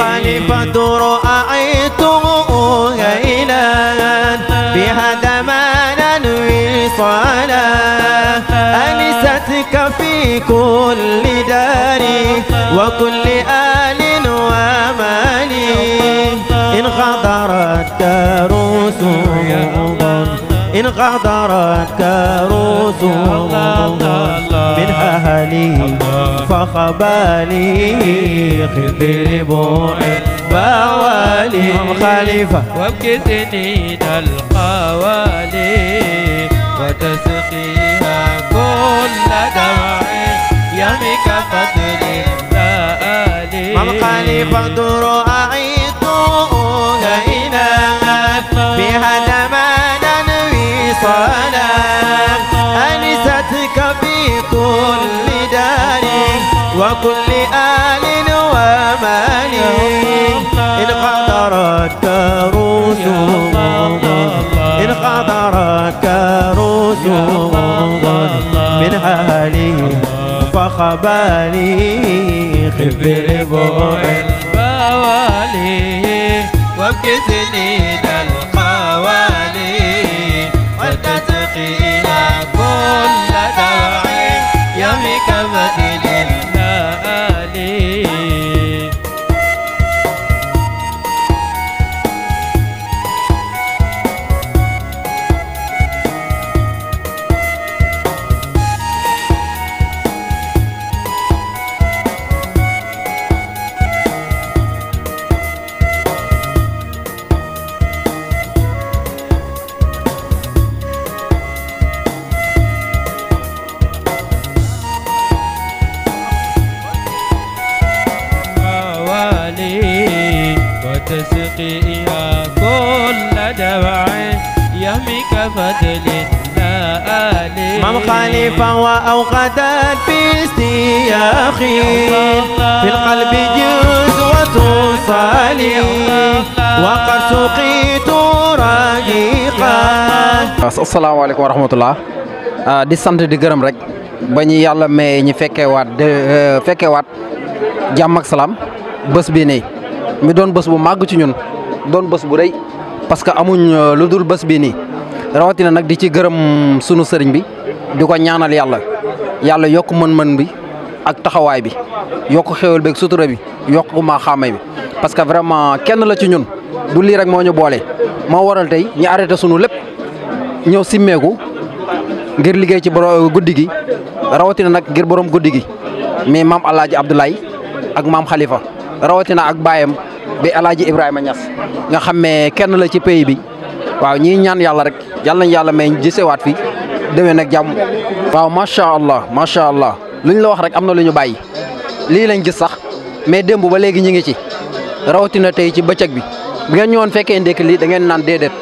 خليفة رأيته هيلا بهذا ما ننوي صلاة أنستك في كل دار وكل آل ومال إن غدرت كروس إن غدرت كروس من هليل فخ بالي خذ بوعي بوالي هم خليفة وابكي سنين القوالي وتسقيها كل دمعي يمك فضل لا آلي مم خليفة دروعي انقطعت رسوم انقطعت رسوم من حالي فخبالي خبر بوع البوالي وابكي سنين الخوالي وتسقي خليفة وأوقدت باستياخي في القلب جزوة وتصالي وقد سقيت رقيقا السلام عليكم ورحمة الله di sant di gërëm rek ba ñu yàlla may ñu fekkeewaat eh, fekkeewaat jàmm ak salaam bés bii nii mi doon bés bu màgg ci ñun doon bés bu rëy parce que amuñ eh, lu dul bés bii nii rawatina nag di ci gërëm sunu sëriñ bi di ko ñaanal yàlla yàlla yokk mën-mën bi ak taxawaay bi yokk xéwal beeg sutura bi yokk ma xàmmay bi parce que vraiment kenn la ci ñun du lii rek moo ñu boole moo waral tey ñu arrêté sunu lépp ñëw simmeeku ngir liggéey ci boro guddi gi rawatina nag ngir borom guddi gi mais maam El Hadj ak maam xalifa rawatina ak baayam bi El Hadj Ibrahima ñas nga xam kenn la ci pays bi waaw ñii ñaan yàlla rek yàlla nañ yàlla may jisewaat fii. déwén nag jàmm. waaw macha allah macha allah luñ la wax rek am na lu ñu bàyyi lii lañ gis sax mais démb ba léegi ñu ngi ci rawatina tey ci bëccëg bi bu ngeen ñëwoon fekkee ndekki lii da ngeen naan déedéet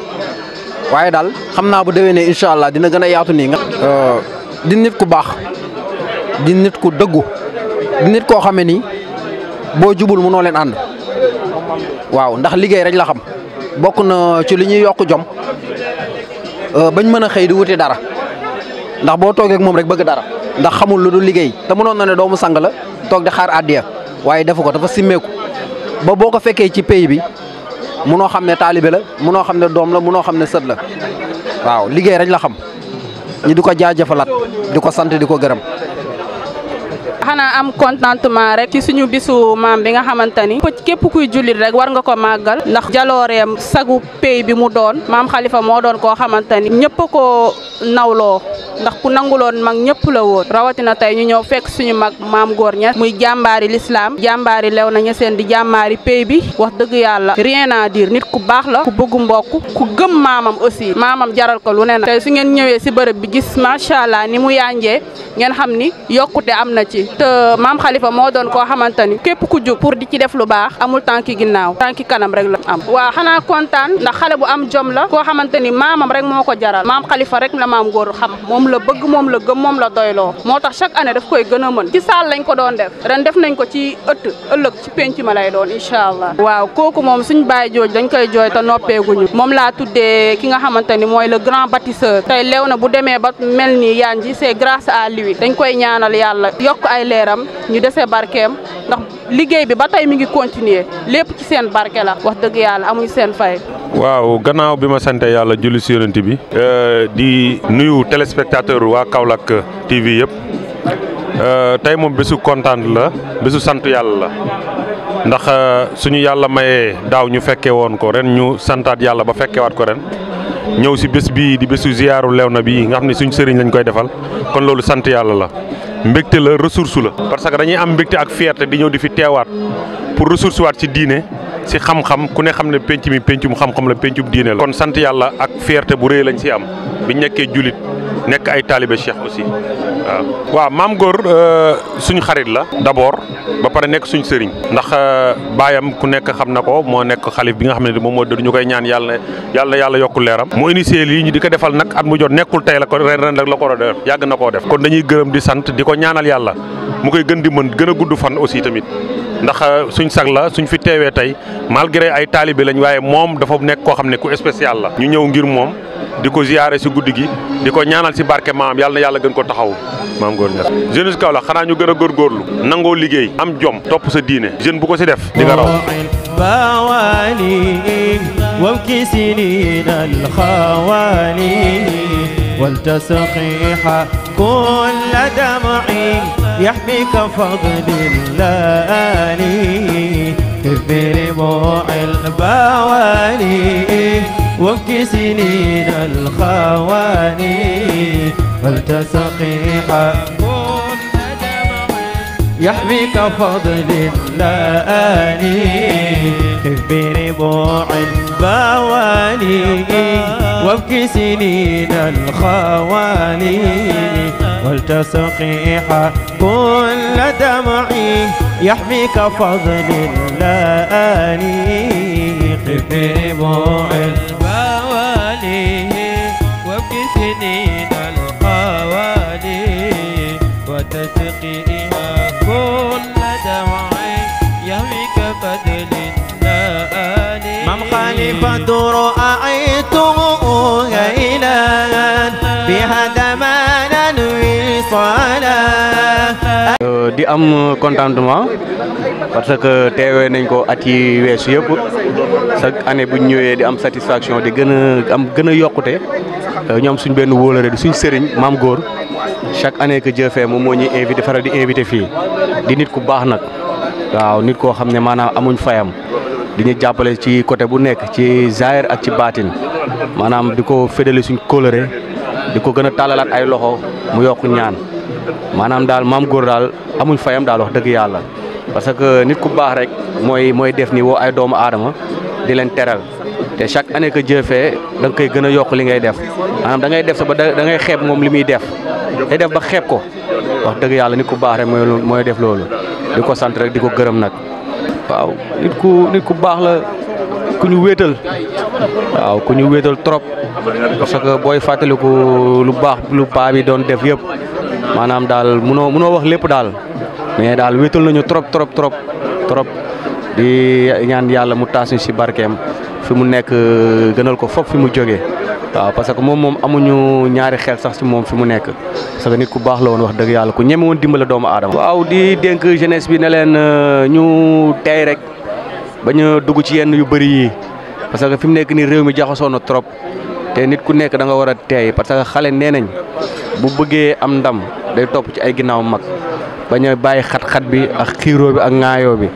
waaye daal xam naa bu ne incha allah dina gën a yaatu ni nga. Euh, di nit ku baax di nit ku dëggu di nit koo xamee ni boo jubul mënoo leen ànd waaw ndax liggéey rek la xam bokk na ci li ñuy yokk jom euh, bañ mën a xëy di wuti dara. ndax boo toogeek moom rek bëgg dara ndax xamul lu du liggéey te mënoon na ne doomu sang la toog di xaar addiya waaye defu ko dafa simmeeku ba boo ko fekkee ci pays bi munoo xam ne taalibe la munoo xam ne doom la munoo xam ne sët la waaw liggéey rek la xam ñu di ko jaajëfalaat di ko sant di ko gërëm xana am contentement rek ci suñu bisu mam bi nga xamantani ko kep kuy julit rek war nga ko magal ndax sagu pey bi mu doon mam khalifa mo doon ko xamantani ñepp ko nawlo ndax ku nanguloon mag ñepp la woon rawatina tay ñu ñëw fekk suñu mag mam gor ña muy jambaari l'islam jambaari lew na ña seen di jambaari pey bi wax deug yalla rien à dire nit ku bax la ku bëgg mbokk ku gëm mamam aussi mamam jaral ko lu neena tay su ngeen ñewé si bërëb bi gis machallah ni mu yaangé ngeen xamni ni ci te maam Khalifa moo doon koo xamante ni képp ku jug pour di ci def lu baax amul tànki ginnaaw tànki kanam rek la am waa xanaa kontaan ndax xale bu am jom la koo xamante ni maamam rek moo ko jaral maam xalifa rek la maam góor xam moom la bëgg moom la gëm moom la doyloo moo tax chaque année daf koy gën a mën ci saal lañ ko doon def ren def nañ ko ci ëtt ëllëg ci penc ma lay doon incha allah waaw kooku moom suñ bàyyi jooj dañ koy jooy te noppeeguñu moom laa tuddee k nga xamante ni mooy le grand bâtisseur tey leew na bu demee ba mel nii yaan ji c'est grâce à dañ koy leeram ñu defee barkeem ndax liggéey bi ba tey mi ngi continuer lépp ci seen barke la wax dëgg yàlla amuñu seen fay. waaw gannaaw bi ma sante yàlla julli si yonent bi euh, di nuyu téléspectateur waa Kaolack TV yëpp euh, tey moom bésu kontaan la bésu sant yàlla la ndax euh, suñu yàlla mayee daaw ñu fekkee woon ko ren ñu santaat yàlla ba fekkewaat ko ren ñëw si bés bii di bésu ziyaaru Léona bi nga xam ne suñu sëriñ lañ koy defal kon loolu sant yàlla la mbégte la ressource la parce que dañuy am mbégte ak fierté di ñëw di fi teewaat pour ressource waat ci diine si xam-xam ku ne xam ne penc mi pencum xam-xam la pencum diine la kon sant yàlla ak fierté bu rëy lañ si am biñ nekkee julit nekk ay taalibe cheikh aussi waaw. maam góor euh, suñu xarit la d'abord ba pare nekk suñu sëriñ ndax euh, baayam ku nekk xam na ko moo nekk xalif bi nga xam ne moom moo dëdd koy ñaan yàlla yàlla yàlla yokku leeram moo initié lii di ko defal nag at mu jot nekkul tey la ko ren ren la ko war yàgg na koo def kon dañuy gërëm di sant di ko ñaanal yàlla mu koy gën di mën gën a gudd fan aussi tamit ndax euh, suñ sag la suñ fi teewee tey malgré ay taalibe lañ waaye moom dafa nekk koo xam ne ku spécial la ñu ñëw ngir moom di ko ziyaare si guddi gi di ko ñaanal si barke maam yàlla na yàlla gën ko taxaw maam góor ñaar jeunesse Kaolack xanaa ñu gën a góorgóorlu nangoo liggéey am jom topp sa diine jeune bu ko si def di nga raw وابكي سنين الخوالي ولتسقيح كل دمع يحميك فضل اللالي اذ بدموع البوالي وابكي سنين الخواني فلتسقي حق يحميك فضل اللاني آني ربوع البواني وابكي سنين الخواني والتسقي كل دمعي يحميك فضل اللاني آني ربوع البواني وتسقيها كل دواعي يهويك فضل آلي مام خليفة رأيته هيلا بهذا ما ننوي صلاة di am contentement parce que teewee nañ ko at yi weesu yëpp chaque année bu ñu ñëwee di am satisfaction di gën a am gën a yokkute euh, ñoom suñ benn wóolare di suñ sëriñ maam góor chaque année que Dieu fait moom moo ñuy invité faral di invité fii di nit ku baax nag waaw nit koo xam ne maanaam amuñ fayam di ñu jàppale ci côté bu nekk ci zaahir ak ci baatin maanaam di ko fédéli suñ kóolare di ko gën a tàllalaat ay loxo mu yokk ñaan maanaam daal maam góor daal amuñ fayam daal wax dëgg yàlla parce que nit ku baax rek mooy mooy def ni woo ay doomu aadama di leen teral te chaque année que Dieu fait da nga koy gën a yokk li ngay def maanaam da ngay def sa ba da ngay xeeb moom li muy def day def ba xeeb ko wax dëgg yàlla nit ku baax rek mooy mooy def loolu ko sant di ko gërëm nag waaw ku baax la ku ñu wéetal waaw ku ñu wéetal trop parce que booy fàttaliku lu baax lu baa bi doon def yëpp maanaam daal munoo munoo wax lépp daal mais daal wéetal nañu trop trop trop trop di ñaan dia mu taas si bar fi mu nekk eh, gënal ko fop fi mu jógee ah, waaw parce que mom moom amuñu ñaari xel sax si moom fi mu nit ku baax la woon wax dëgg yàlla ku di dénk jeunesse bi ne leen eh, ñu tey rek bañ dugg ci yenn yu bëri yi parce que fi mu mi trop te nit ku nekk da nga war a teey parce que xale nee nañ bu bëggee bañ a khat xat bi ak xiro bi ak ngaayo bi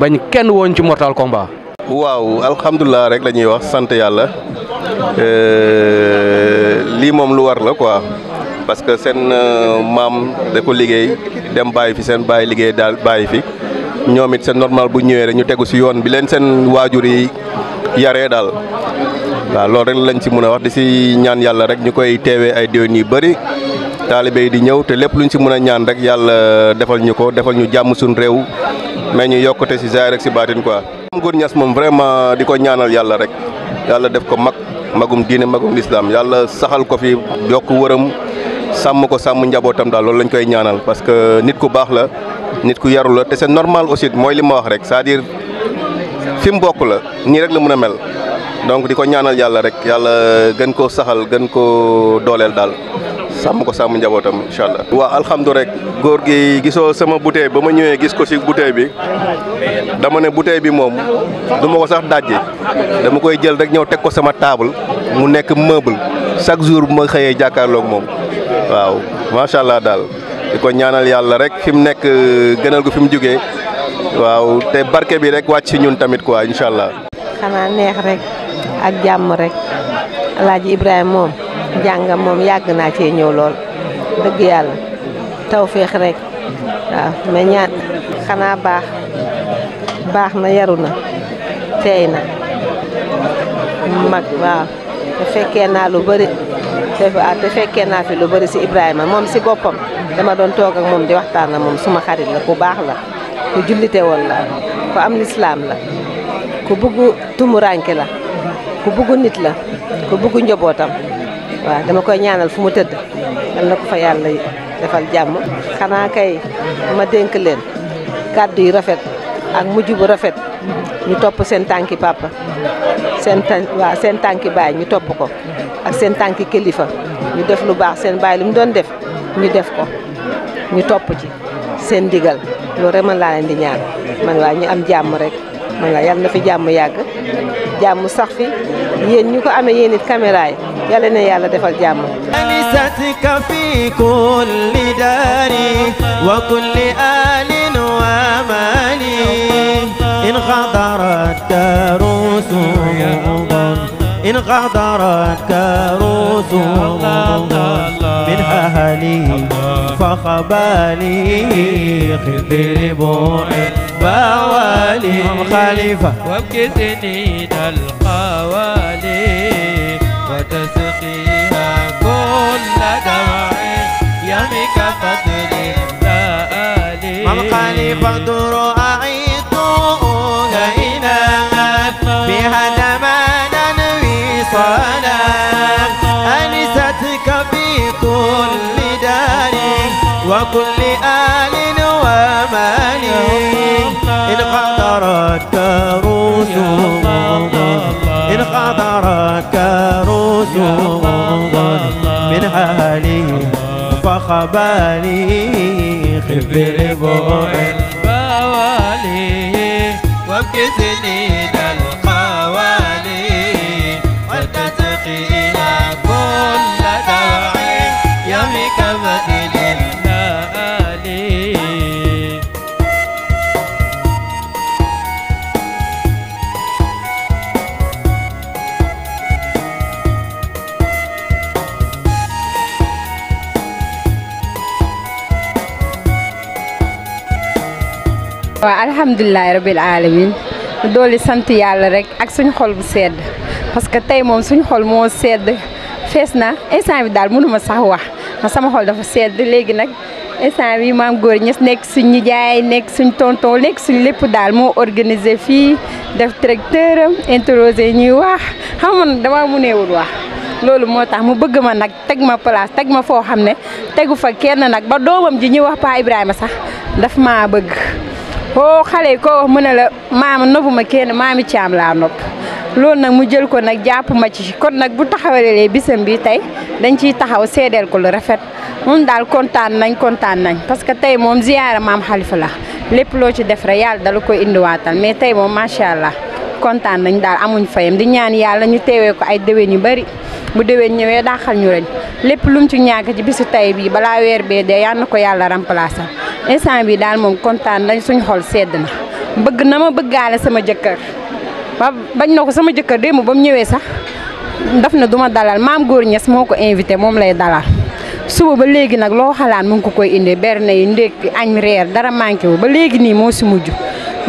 bañ kenn won ci mortal combat. waaw alhamdullah rek lañuy wax sante yalla euh, li mom lu war la quoi parce que sen euh, mam de ko liggey dem bàyyi fi sen bàyyi liggey dal bàyyi fi ñomit sen normal bu ñewé rek ñu téggu ci yoon bi len sen wajur yi yaré dal lool rek lañ ci mëna wax di ci ñaan yalla rek ñukoy téwé ay deuni bari taalibe yi di ñëw te lépp luñ si mën a ñaan rek yàlla defal ñu ko defal ñu jàmm suñu réew mais ñu yokkute si zaahir rek si baatin quoi. am góor ñas moom vraiment di ko ñaanal yàlla rek yàlla def ko mag magum diine magum lislaam yàlla saxal ko fi yokk wëram sàmm ko sàmm njabootam daal loolu lañ koy ñaanal parce que nit ku baax la nit ku yaru la te c'est normal aussi mooy li ma wax rek cest diir fi mu bokk la nii rek la mën a mel donc di ko ñaanal yàlla rek yàlla gën koo saxal gën koo dooleel daal sàmm ko sàmm njabootam incha allah. waaw alhamdulilah rek góor gi gisoo sama bouteille ba ma ñëwee gis ko si bouteille bi dama ne bouteille bi moom du ma ko sax dajji dama koy jël rek ñëw teg ko sama table mu nekk meuble chaque jour bu ma xëyee jàkkaarloog moom waaw macha allah daal di ko ñaanal yàlla rek fi mu nekk gënal ko fi mu jógee waaw te barke bi rek wàcc si ñun tamit quoi incha allah. xanaa neex rek ak jàmm rek El Hadj moom. jàngam moom yàgg naa cee ñëw lool dëgg yàlla tawféex rek waaw mais xanaa baax baax na yaru na teey na mag waaw te fekkee naa lu te fekkee naa fi lu bëri si Ibrahima moom si boppam dama doon toog ak moom di waxtaan moom suma xarit la ku baax la ku jullite woon la ku am lislaam la ku bugg tumuraanke la ku bugg nit la ku bugg njabootam waa dama koy ñaanal fu mu tëdd yal ko fa yàlla defal jàmm xanaa kay ma dénk leen kàddu yi rafet ak mujj bu rafet ñu topp seen tànki papa seen tan seen tànki baay ñu topp ko ak seen tànki kilifa ñu def lu baax seen baay lu mu doon def ñu def ko ñu topp ci seen ndigal loolu rek man laa di ñaan man waa ñu am jàmm rek man la yàlla na fi jàmm yàgg jàmm sax fi yéen ñu ko amee yéen it caméra yi yàlla na yàlla defal jàmm أنستك في كل دار وكل آل ومال إن غدرت كروس إن غدرت كروس من أهلي فخبالي خذ ربوعي بوالي هم خليفة وابكي سنين القوالي وتسقيها كل دمع يمك فضل لا آلي مام خليفة دروع معصوم من حالي فخبالي خبر بوع البوالي وابكتني alhamdulilahi rabil alamin dooli sant yàlla rek ak suñu xol bu sedd parce que tey moom suñu xol moo sedd fees na instant bi daal mënuma sax wax ma sama xol dafa sedd léegi nag instant bi maam góor ñes nekk suñ nijaay nekk suñ tonton nekk suñ lépp daal moo organisé fii def tracteur am interrogé ñuy wax xam nga damaa mëneewul wax loolu moo tax mu bëgg ma nag teg ma place teg ma foo xam ne tegu fa kenn nag ba doomam ji ñuy wax Pa Ibrahima sax ma maa bëgg oo oh, xale ko koo wax mu ne la maama nobu ma kenn maami caam laa nopp loolu nag mu jël ko nag jàpp ma ci kon nag bu taxawalee bisam bi tey dañ ciy taxaw seedeel ko lu rafet moom daal kontaan nañ kontaan nañ parce que tey moom ziyaara maam xalifa la lépp loo ci def rek yàlla dala koy indiwaatal mais tey moom macha allah kontaan nañ daal amuñ fayam di ñaan yàlla ñu teewee ko ay déwén yu bari bu déwén ñëwee daaxal ñu reñ lépp lu mu ci ñàkk ci bisu tey bii balaa weer bee dee na ko yàlla remplacer. instant bi daal moom kontaan dañ suñ xol sedd na bëgg na ma bëggaale sama jëkkër ba bañ na ko sama jëkkër démb ba mu ñëwee sax daf na ma dalal maam góor ñes moo ko invité moom lay dalal suba ba léegi nag loo xalaat mu ngi ko koy indee berne yi ndékki añ reer dara manqué wu ba léegi nii moo si mujj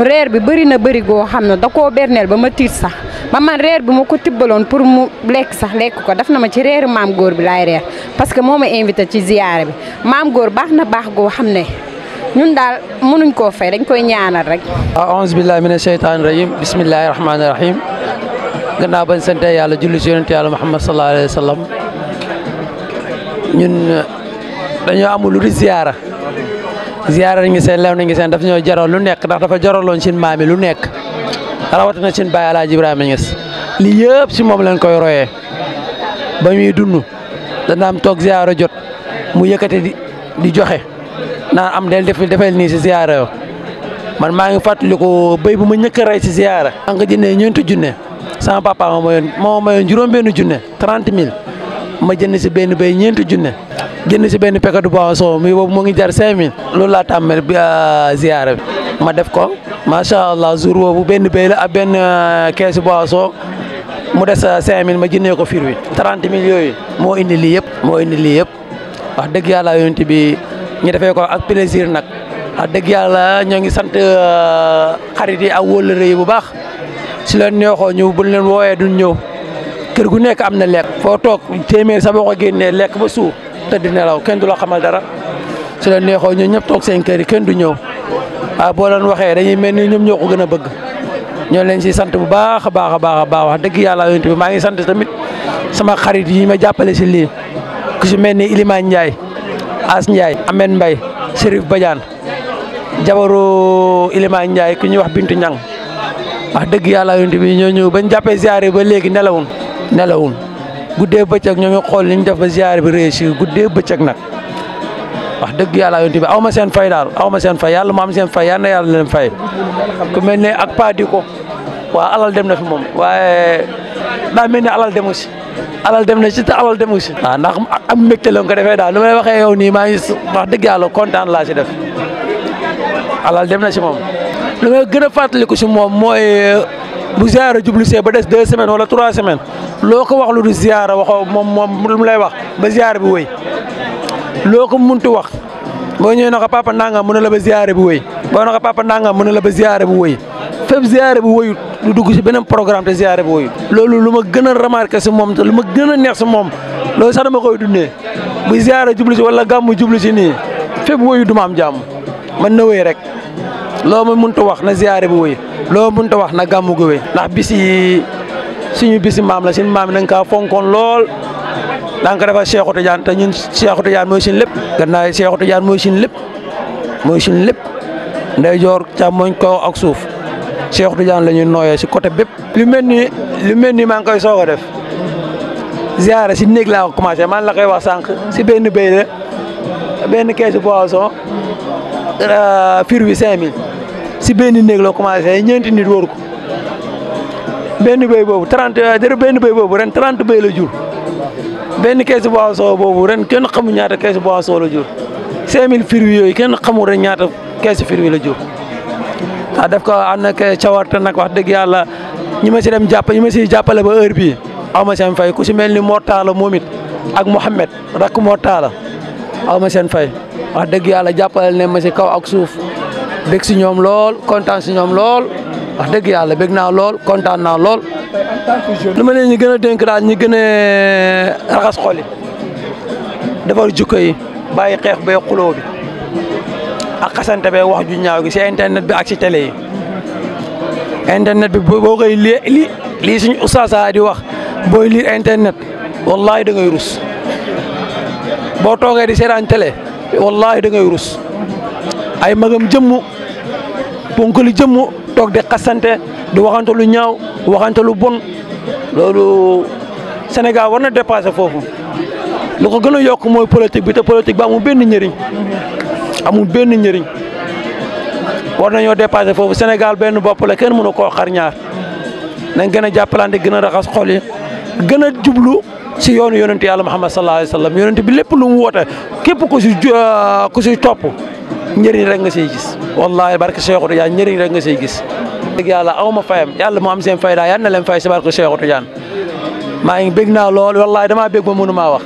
reer bi bëri na bëri goo xam ne da koo berneel ba ma tiit sax ba man reer bi ma ko tibbaloon pour mu lekk sax lekk ko daf na ma ci reeru maam góor bi laay reer parce que moo ma invité ci ziyaare bi maam baax na baax goo xam ne ñun daal mënuñ koo fay dañ koy ñaanal rek. aouzu billahi mina sheytaani rajim bismillahi rahmaani rahim gannaaw bañ sante yàlla julli ci yonent yàlla Muhammad sallallahu alayhi wa sallam ñun dañoo amul lu di ziyaara ziyaara ngi seen lew nañu seen daf ñoo jaral lu nekk ndax dafa jaraloon seen maam yi lu nekk rawatina seen baay Alaaji Ibrahima Niass lii yëpp si moom lañ koy royee ba muy dund dana toog ziyaara jot mu yëkkate di di joxe. naan am del def defal nii si ziyaara yo man maa ngi fàttaliku bay bu ma ñëkk a rey si ziyaara an nga jëndee ñeenti junne sama papa ma mayoon moo mayoon juróom benn junne trente mille ma jënd si benn bay ñeenti junne jënd si benn paquet du boisson mu boobu moo ngi jar cinq mil loolu laa tàmmale bi euh, ziyaara bi ma def ko macha allah jour boobu benn béy la ak benn euh, keesu boisson mu des euh, cinq mille ma jëndee ko fir wi trente yooyu moo indi lii yëpp moo indi lii yëpp wax dëgg ñi defee ko ak plaisir nak deug yalla yàlla ñoo ngi sant euh, xarit yi ak wóllëre bu baax ci leen neexoo ñu bu leen woyé duñ ñew kër gu nekk amna lek fo tok témer sa boko génné lek ba su te tëdd nelaw kën du la xamal dara ci leen neexo ñu ñep tok seen kër kën du ñew ah, a bo leen waxé dañuy melni ni ñoko gëna bëgg ñoo leen si sante bu baax a baax a baax a baax wax dëgg yàlla yonent bi ma ngi sante tamit sama xarit yi ma jappalé ci li ku ci melni ni Ilimaan As Ndiaye Amène Mbaye Chérif Badiane jabaru Ilima Ndiaye ku ñu wax Bintu Ñang wax dëgg yàlla yonent bi ñoo ñëw bañ jàppee ziare ba léegi nelawun nelawun guddee bëccëg ñoo ngi xool li ñu def ba ziare bi réussir guddee bëccëg nag wax dëgg yàlla yonent bi aw ma seen fay daal aw seen fay yàlla ma am seen fay yal na yàlla leen fay ku mel ne ak Padiko waa alal dem na fi moom waaye daa mel ne alal demu si alal dem na ci te alal demu ci. waaw ndax am mbégte la nga ko defee daal nu may waxee yow nii maa ngi wax dëgg yàlla kontaan laa ci def alal dem na ci moom. lu may gën a fàttaliku ci moom mooy euh, bu ziara jublu see ba des deux semaine wala trois semaines loo ko wax lu du ziara waxoo moom moom lu mu lay wax ba ziara bi wéy loo ko munti wax boo ñëwee na ko papa nangam mën la ba ziara bi wéy boo na ko papa nangam la ba ziara bi wéy. fépp ziare bu woyut lu dugg si beneen programme te ziare bu woyut loolu lu ma gën a remarqué si moom lu ma gën a neex si moom loolu sax dama koy dundee bu ziare jublu si wala gàmmu jublu si nii fépp woyut du ma am jàmm man na wéy rek loo ma mënta wax na ziare bu woy loo mënta wax na gàmmu gu wéy ndax bisi yi suñu bisi maam la suñu maam yi nañ kaa fonkoon lool da nga ko defal Cheikhou Tidiane te ñun Cheikhou Tidiane mooy suñu lépp gannaaw Cheikhou Tidiane mooy si lépp mooy suñu lépp ndeyjoor càmmoñ ak suuf. Cheikh Tidiane la ñuy nooyee si côté bépp. lu mel ni lu mel ni maa ngi koy soog a def ziare si néeg laa ko commencé man la koy wax sànq si benn béy la benn keesu poisson euh, fir wi 5000 si benn néeg la commencé ñeenti nit wóor ko benn béy boobu 30 dara euh, benn béy boobu ren 30 béy la jur. benn keesu poisson boobu ren kenn xamul ñaata keesu poisson la jur 5000 fir wi yooyu kenn xamul ren ñaata keesu fir wi la jur. def ko ànd ak cawarte nag wax dëgg yàlla ñi ma si dem jàpp ñi ma siy jàppale ba heure bii ma seen fay ku si mel ni Mor Talla moom ak Mouhamed rakk Mor Talla aw ma seen fay wax dëgg yàlla jàppale ne ma si kaw ak suuf bég si ñoom lool kontaan si ñoom lool wax dëgg yàlla bég naa lool kontaan naa lool. li ma leen ñu gën a dénk daal ñu gën a raxas xol yi defar jukko yi bàyyi xeex bay xuloo ak xasante bee wax ju ñaaw gi si internet bi ak si tele yi internet bi boo koy lii li lii suñu ustaasa di wax booy liir internet wallahi da ngay rus boo toogee di seetaan télé wallahi da rus ay magam jëmm ponkali jëmm toog di xasante du waxante lu ñaaw waxante lu bon loolu Sénégal war na dépassé foofu lu ko gën a yokk mooy politique bi te politique ba amul benn njëriñ amul benn njëriñ war nañoo dépassé foofu Sénégal benn bopp la kenn mënu koo xar ñaar nañ gën a jàppalante gën a raxas xol yi gën a jublu si yoonu yonent yàlla Muhammad sallallahu alayhi wa sallam yonent bi lépp lu mu woote képp ku si euh, ku si topp njëriñ rek nga siy gis wallahi barke Cheikh Tidiane njëriñ rek nga siy gis. dëgg yàlla aw ma fayam yàlla moo am seen fayda yal na leen fay si barke Cheikh Tidiane maa ngi bég naa lool wallahi damaa bég ba mënu maa wax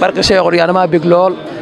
barke Cheikh Tidiane damaa bég lool.